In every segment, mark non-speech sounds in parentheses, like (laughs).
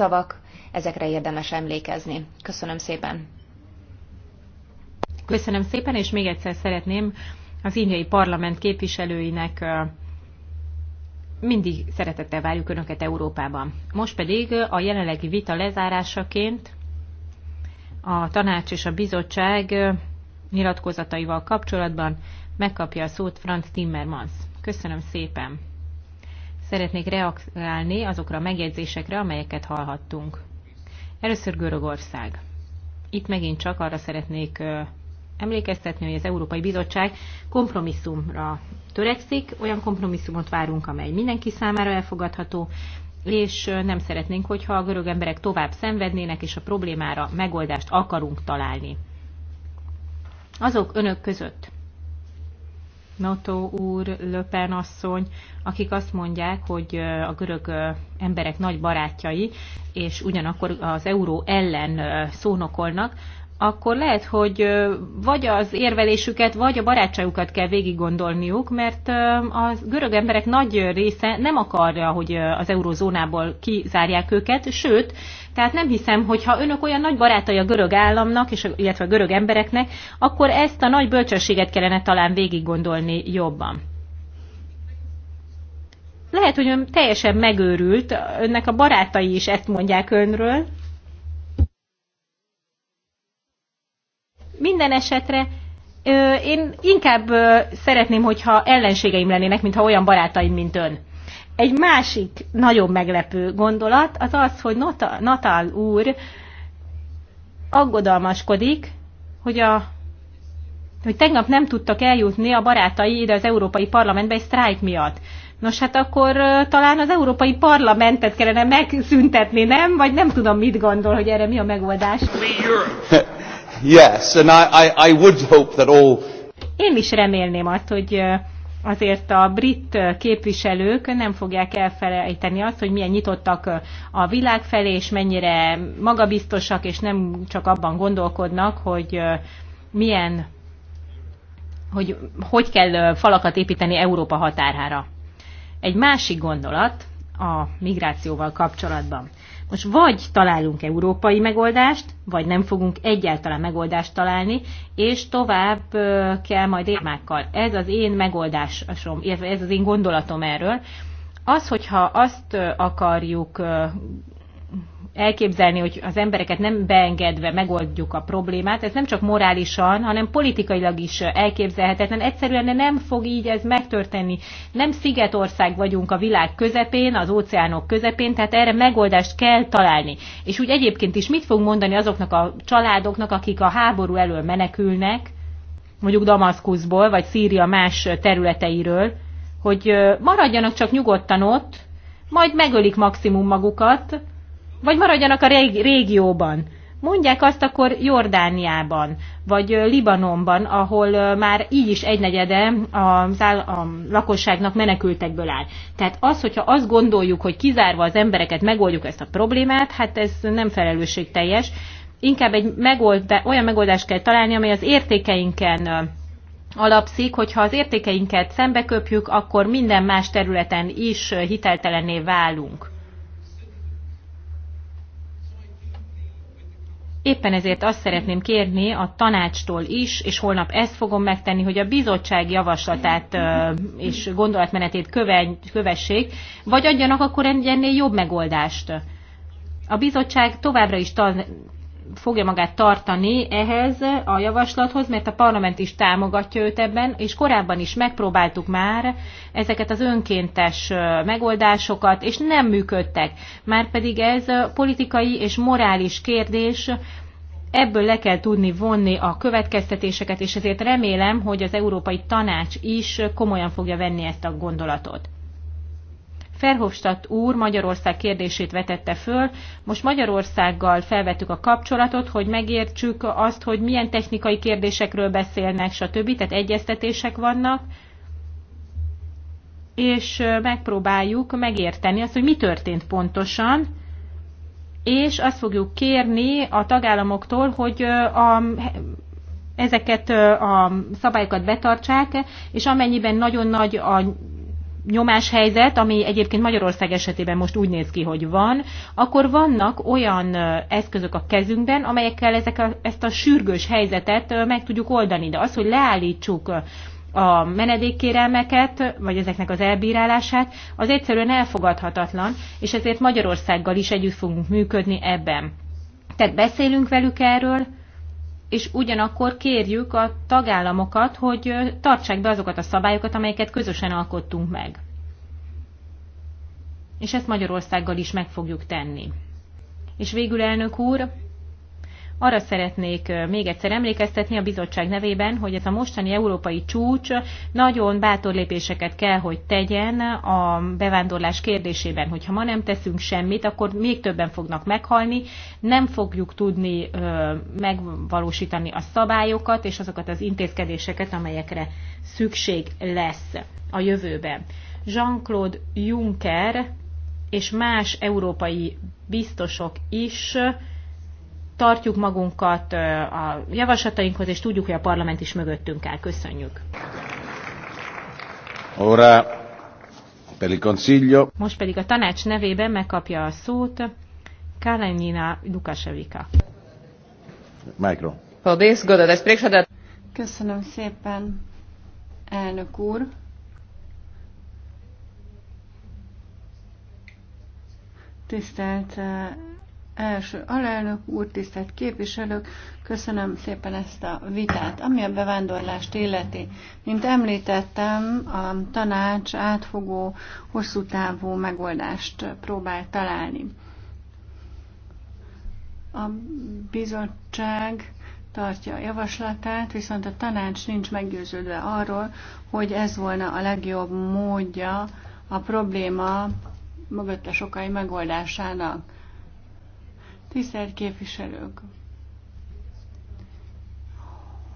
szavak, ezekre érdemes emlékezni. Köszönöm szépen! Köszönöm szépen, és még egyszer szeretném az indiai parlament képviselőinek mindig szeretettel várjuk Önöket Európában. Most pedig a jelenlegi vita lezárásaként a tanács és a bizottság nyilatkozataival kapcsolatban megkapja a szót Franz Timmermans. Köszönöm szépen! Szeretnék reagálni azokra a megjegyzésekre, amelyeket hallhattunk. Először Görögország. Itt megint csak arra szeretnék emlékeztetni, hogy az Európai Bizottság kompromisszumra törekszik, olyan kompromisszumot várunk, amely mindenki számára elfogadható, és nem szeretnénk, hogyha a görög emberek tovább szenvednének, és a problémára megoldást akarunk találni. Azok önök között, NATO úr, Löpen asszony, akik azt mondják, hogy a görög emberek nagy barátjai, és ugyanakkor az euró ellen szónokolnak, akkor lehet, hogy vagy az érvelésüket, vagy a barátságukat kell végig gondolniuk, mert a görög emberek nagy része nem akarja, hogy az eurozónából kizárják őket, sőt, tehát nem hiszem, hogy ha önök olyan nagy barátai a görög államnak, és, illetve a görög embereknek, akkor ezt a nagy bölcsességet kellene talán végig gondolni jobban. Lehet, hogy ön teljesen megőrült, önnek a barátai is ezt mondják önről, Minden esetre én inkább szeretném, hogyha ellenségeim lennének, mintha olyan barátaim, mint ön. Egy másik nagyon meglepő gondolat az az, hogy Natal úr aggodalmaskodik, hogy, a, hogy tegnap nem tudtak eljutni a barátai ide az Európai Parlamentbe egy sztrájk miatt. Nos, hát akkor talán az Európai Parlamentet kellene megszüntetni, nem? Vagy nem tudom, mit gondol, hogy erre mi a megoldás. (laughs) Yes, and I, I, I would hope that all... Én is remélném azt, hogy azért a brit képviselők nem fogják elfelejteni azt, hogy milyen nyitottak a világ felé, és mennyire magabiztosak, és nem csak abban gondolkodnak, hogy milyen, hogy, hogy kell falakat építeni Európa határára. Egy másik gondolat a migrációval kapcsolatban. Most vagy találunk európai megoldást, vagy nem fogunk egyáltalán megoldást találni, és tovább kell majd érmákkal. Ez az én megoldásom, ez az én gondolatom erről. Az, hogyha azt akarjuk elképzelni, hogy az embereket nem beengedve megoldjuk a problémát, ez nem csak morálisan, hanem politikailag is elképzelhetetlen. Egyszerűen nem fog így ez megtörténni. Nem szigetország vagyunk a világ közepén, az óceánok közepén, tehát erre megoldást kell találni. És úgy egyébként is mit fog mondani azoknak a családoknak, akik a háború elől menekülnek, mondjuk Damaszkuszból, vagy Szíria más területeiről, hogy maradjanak csak nyugodtan ott, majd megölik maximum magukat, vagy maradjanak a régióban. Mondják azt akkor Jordániában, vagy Libanonban, ahol már így is egynegyede az áll, a lakosságnak menekültekből áll. Tehát az, hogyha azt gondoljuk, hogy kizárva az embereket megoldjuk ezt a problémát, hát ez nem felelősségteljes. Inkább egy megolda- olyan megoldást kell találni, amely az értékeinken alapszik, hogyha az értékeinket szembeköpjük, akkor minden más területen is hiteltelenné válunk. Éppen ezért azt szeretném kérni a tanácstól is, és holnap ezt fogom megtenni, hogy a bizottság javaslatát és gondolatmenetét kövessék, vagy adjanak akkor ennél jobb megoldást. A bizottság továbbra is fogja magát tartani ehhez a javaslathoz, mert a parlament is támogatja őt ebben, és korábban is megpróbáltuk már ezeket az önkéntes megoldásokat, és nem működtek. Márpedig ez politikai és morális kérdés, ebből le kell tudni vonni a következtetéseket, és ezért remélem, hogy az Európai Tanács is komolyan fogja venni ezt a gondolatot. Ferhofstadt úr Magyarország kérdését vetette föl. Most Magyarországgal felvettük a kapcsolatot, hogy megértsük azt, hogy milyen technikai kérdésekről beszélnek, stb. Tehát egyeztetések vannak és megpróbáljuk megérteni azt, hogy mi történt pontosan, és azt fogjuk kérni a tagállamoktól, hogy a, ezeket a szabályokat betartsák, és amennyiben nagyon nagy a nyomáshelyzet, ami egyébként Magyarország esetében most úgy néz ki, hogy van, akkor vannak olyan eszközök a kezünkben, amelyekkel ezek a, ezt a sürgős helyzetet meg tudjuk oldani. De az, hogy leállítsuk a menedékkérelmeket, vagy ezeknek az elbírálását, az egyszerűen elfogadhatatlan, és ezért Magyarországgal is együtt fogunk működni ebben. Tehát beszélünk velük erről, és ugyanakkor kérjük a tagállamokat, hogy tartsák be azokat a szabályokat, amelyeket közösen alkottunk meg. És ezt Magyarországgal is meg fogjuk tenni. És végül, elnök úr, arra szeretnék még egyszer emlékeztetni a bizottság nevében, hogy ez a mostani európai csúcs nagyon bátor lépéseket kell, hogy tegyen a bevándorlás kérdésében. Hogyha ma nem teszünk semmit, akkor még többen fognak meghalni, nem fogjuk tudni megvalósítani a szabályokat és azokat az intézkedéseket, amelyekre szükség lesz a jövőben. Jean-Claude Juncker és más európai biztosok is tartjuk magunkat a javaslatainkhoz, és tudjuk, hogy a parlament is mögöttünk áll. Köszönjük. Ora, per il consiglio. Most pedig a tanács nevében megkapja a szót Kalenina Lukasevika. Mikro. Köszönöm szépen, elnök úr. Tisztelt első alelnök úr, tisztelt képviselők, köszönöm szépen ezt a vitát. Ami a bevándorlást illeti, mint említettem, a tanács átfogó, hosszú távú megoldást próbál találni. A bizottság tartja a javaslatát, viszont a tanács nincs meggyőződve arról, hogy ez volna a legjobb módja a probléma mögöttes okai megoldásának Tisztelt képviselők!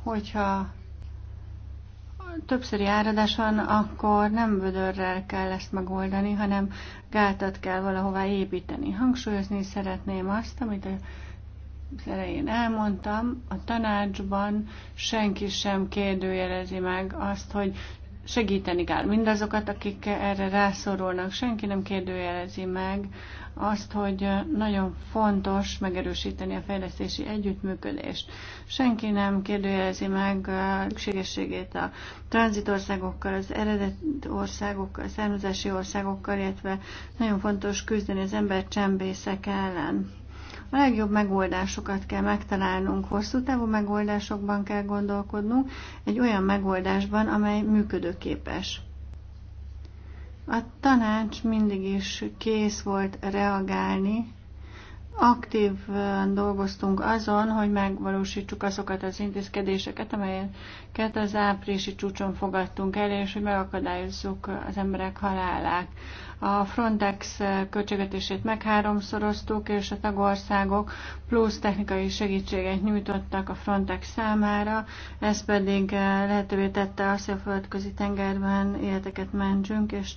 Hogyha többszöri áradás van, akkor nem vödörrel kell ezt megoldani, hanem gátat kell valahová építeni. Hangsúlyozni szeretném azt, amit az elején elmondtam, a tanácsban senki sem kérdőjelezi meg azt, hogy segíteni kell mindazokat, akik erre rászorulnak. Senki nem kérdőjelezi meg azt, hogy nagyon fontos megerősíteni a fejlesztési együttműködést. Senki nem kérdőjelezi meg a szükségességét a tranzitországokkal, az eredet országokkal, a származási országokkal, illetve nagyon fontos küzdeni az ember csembészek ellen. A legjobb megoldásokat kell megtalálnunk, hosszú távú megoldásokban kell gondolkodnunk, egy olyan megoldásban, amely működőképes. A tanács mindig is kész volt reagálni aktívan dolgoztunk azon, hogy megvalósítsuk azokat az intézkedéseket, amelyeket az áprilisi csúcson fogadtunk el, és hogy megakadályozzuk az emberek halálát. A Frontex költségvetését megháromszoroztuk, és a tagországok plusz technikai segítséget nyújtottak a Frontex számára, ez pedig lehetővé tette azt, hogy a földközi tengerben életeket mentsünk, és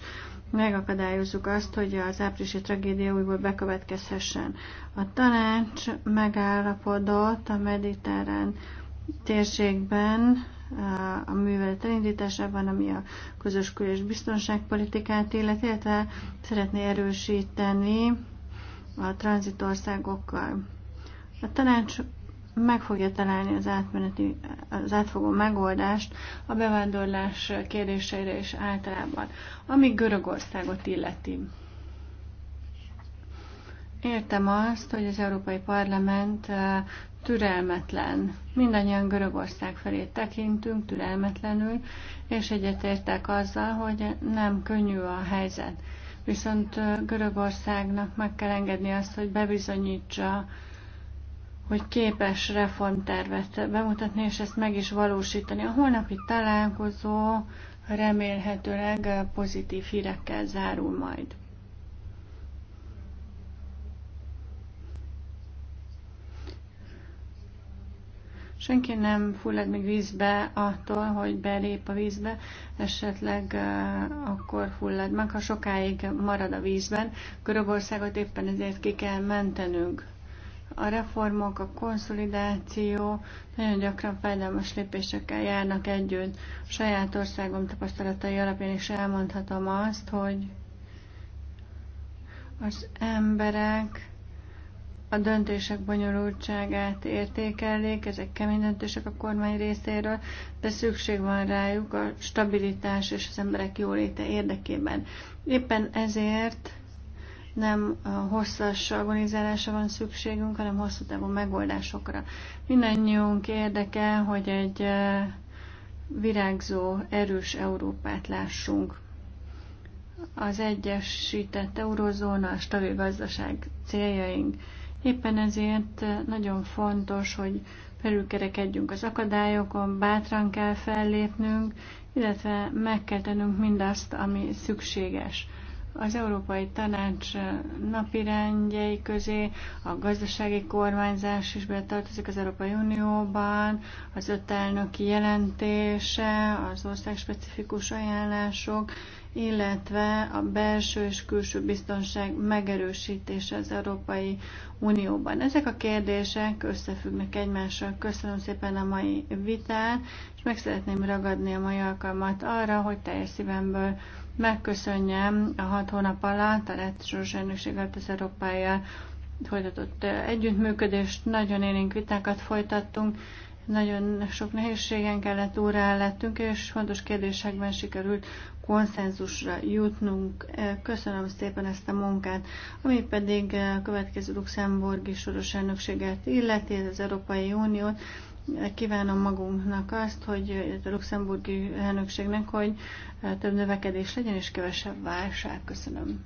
megakadályozzuk azt, hogy az áprilisi tragédia újból bekövetkezhessen. A tanács megállapodott a mediterrán térségben a művelet elindításában, ami a közös kül- és biztonságpolitikát illeti, illetve szeretné erősíteni a tranzitországokkal. A tanács meg fogja találni az, átmeneti, az átfogó megoldást a bevándorlás kérdéseire és általában, ami Görögországot illeti. Értem azt, hogy az Európai Parlament eh, türelmetlen. Mindannyian Görögország felé tekintünk türelmetlenül, és egyetértek azzal, hogy nem könnyű a helyzet. Viszont eh, Görögországnak meg kell engedni azt, hogy bebizonyítsa, hogy képes reformtervet bemutatni, és ezt meg is valósítani. A holnapi találkozó remélhetőleg pozitív hírekkel zárul majd. Senki nem fullad még vízbe attól, hogy belép a vízbe, esetleg uh, akkor fullad meg, ha sokáig marad a vízben. Görögországot éppen ezért ki kell mentenünk a reformok, a konszolidáció nagyon gyakran fájdalmas lépésekkel járnak együtt. A saját országom tapasztalatai alapján is elmondhatom azt, hogy az emberek a döntések bonyolultságát értékelik, ezek kemény döntések a kormány részéről, de szükség van rájuk a stabilitás és az emberek jóléte érdekében. Éppen ezért nem hosszas agonizálásra van szükségünk, hanem hosszú távú megoldásokra. Mindennyiunk érdeke, hogy egy eh, virágzó, erős Európát lássunk. Az egyesített eurozóna, a stabil gazdaság céljaink. Éppen ezért eh, nagyon fontos, hogy felülkerekedjünk az akadályokon, bátran kell fellépnünk, illetve meg kell tennünk mindazt, ami szükséges az Európai Tanács napirendjei közé a gazdasági kormányzás is betartozik az Európai Unióban, az öt elnöki jelentése, az országspecifikus ajánlások, illetve a belső és külső biztonság megerősítése az Európai Unióban. Ezek a kérdések összefüggnek egymással. Köszönöm szépen a mai vitát, és meg szeretném ragadni a mai alkalmat arra, hogy teljes szívemből megköszönjem a hat hónap alatt a lett soros az Európájával folytatott együttműködést, nagyon élénk vitákat folytattunk, nagyon sok nehézségen kellett órá lettünk, és fontos kérdésekben sikerült konszenzusra jutnunk. Köszönöm szépen ezt a munkát, ami pedig a következő luxemburgi soros elnökséget illeti, az Európai Uniót kívánom magunknak azt, hogy a luxemburgi elnökségnek, hogy eh, több növekedés legyen és kevesebb válság. Köszönöm.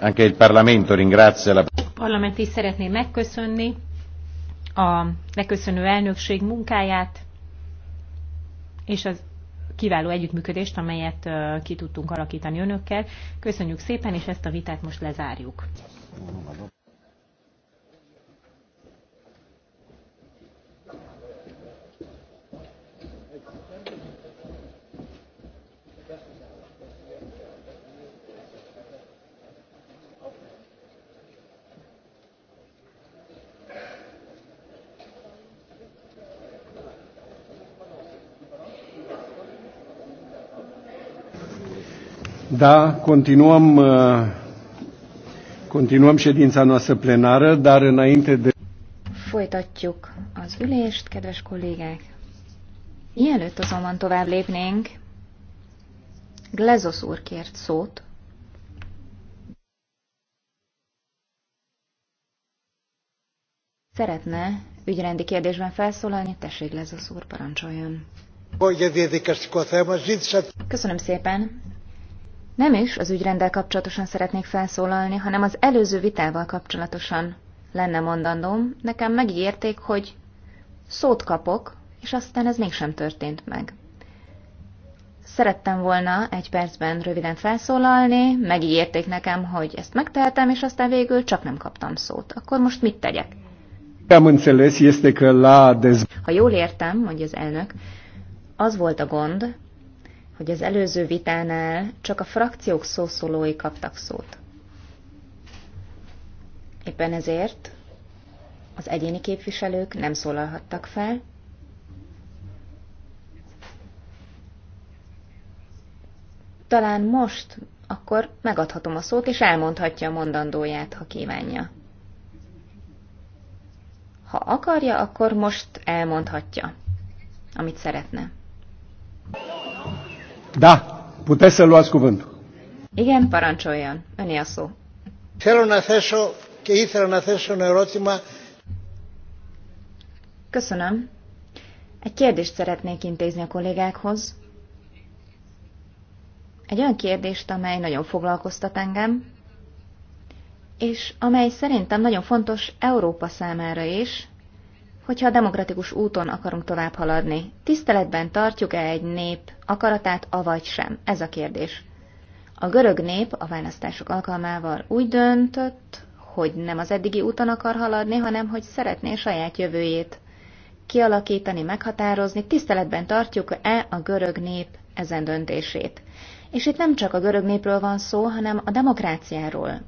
Anche il Parlamento ringrazia la... parlament is szeretné megköszönni a leköszönő elnökség munkáját és az kiváló együttműködést, amelyet eh, ki tudtunk alakítani önökkel. Köszönjük szépen, és ezt a vitát most lezárjuk. Da, continuăm, uh, continuăm ședința noastră plenară, dar înainte de... Folytatjuk az ülést, kedves kollégák. Mielőtt azonban tovább lépnénk, Glezos úr kért szót. Szeretne ügyrendi kérdésben felszólalni, tessék Glezos úr, parancsoljon. Köszönöm szépen. Nem is az ügyrendel kapcsolatosan szeretnék felszólalni, hanem az előző vitával kapcsolatosan lenne mondandóm. Nekem megígérték, hogy szót kapok, és aztán ez mégsem történt meg. Szerettem volna egy percben röviden felszólalni, megígérték nekem, hogy ezt megtehetem, és aztán végül csak nem kaptam szót. Akkor most mit tegyek? Ha jól értem, mondja az elnök, az volt a gond, hogy az előző vitánál csak a frakciók szószólói kaptak szót. Éppen ezért az egyéni képviselők nem szólalhattak fel, Talán most, akkor megadhatom a szót, és elmondhatja a mondandóját, ha kívánja. Ha akarja, akkor most elmondhatja, amit szeretne. Da, puteți să luați cuvântul. Igen, parancsoljon. Öné a szó. Θέλω να feso, και ήθελα να feso ένα ερώτημα. Köszönöm. Egy kérdést szeretnék intézni a kollégákhoz. Egy olyan kérdést, amely nagyon foglalkoztat engem, és amely szerintem nagyon fontos Európa számára is, hogyha a demokratikus úton akarunk tovább haladni. Tiszteletben tartjuk-e egy nép akaratát, avagy sem? Ez a kérdés. A görög nép a választások alkalmával úgy döntött, hogy nem az eddigi úton akar haladni, hanem hogy szeretné saját jövőjét kialakítani, meghatározni, tiszteletben tartjuk-e a görög nép ezen döntését. És itt nem csak a görög népről van szó, hanem a demokráciáról,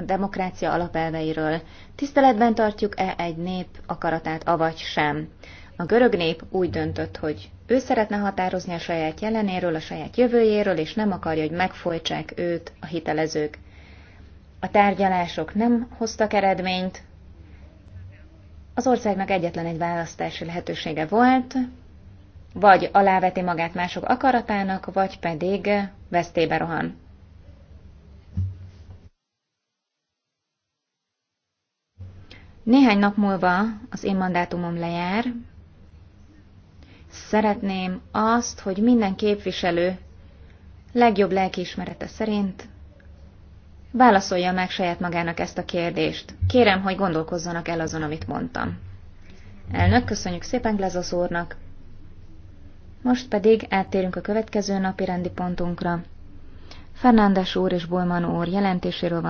a demokrácia alapelveiről. Tiszteletben tartjuk-e egy nép akaratát, avagy sem? A görög nép úgy döntött, hogy ő szeretne határozni a saját jelenéről, a saját jövőjéről, és nem akarja, hogy megfojtsák őt a hitelezők. A tárgyalások nem hoztak eredményt, az országnak egyetlen egy választási lehetősége volt, vagy aláveti magát mások akaratának, vagy pedig vesztébe rohan. Néhány nap múlva az én mandátumom lejár. Szeretném azt, hogy minden képviselő legjobb lelkiismerete szerint válaszolja meg saját magának ezt a kérdést. Kérem, hogy gondolkozzanak el azon, amit mondtam. Elnök, köszönjük szépen Glazos úrnak. Most pedig áttérünk a következő napi rendi pontunkra. Fernándes úr és Bolman úr jelentéséről van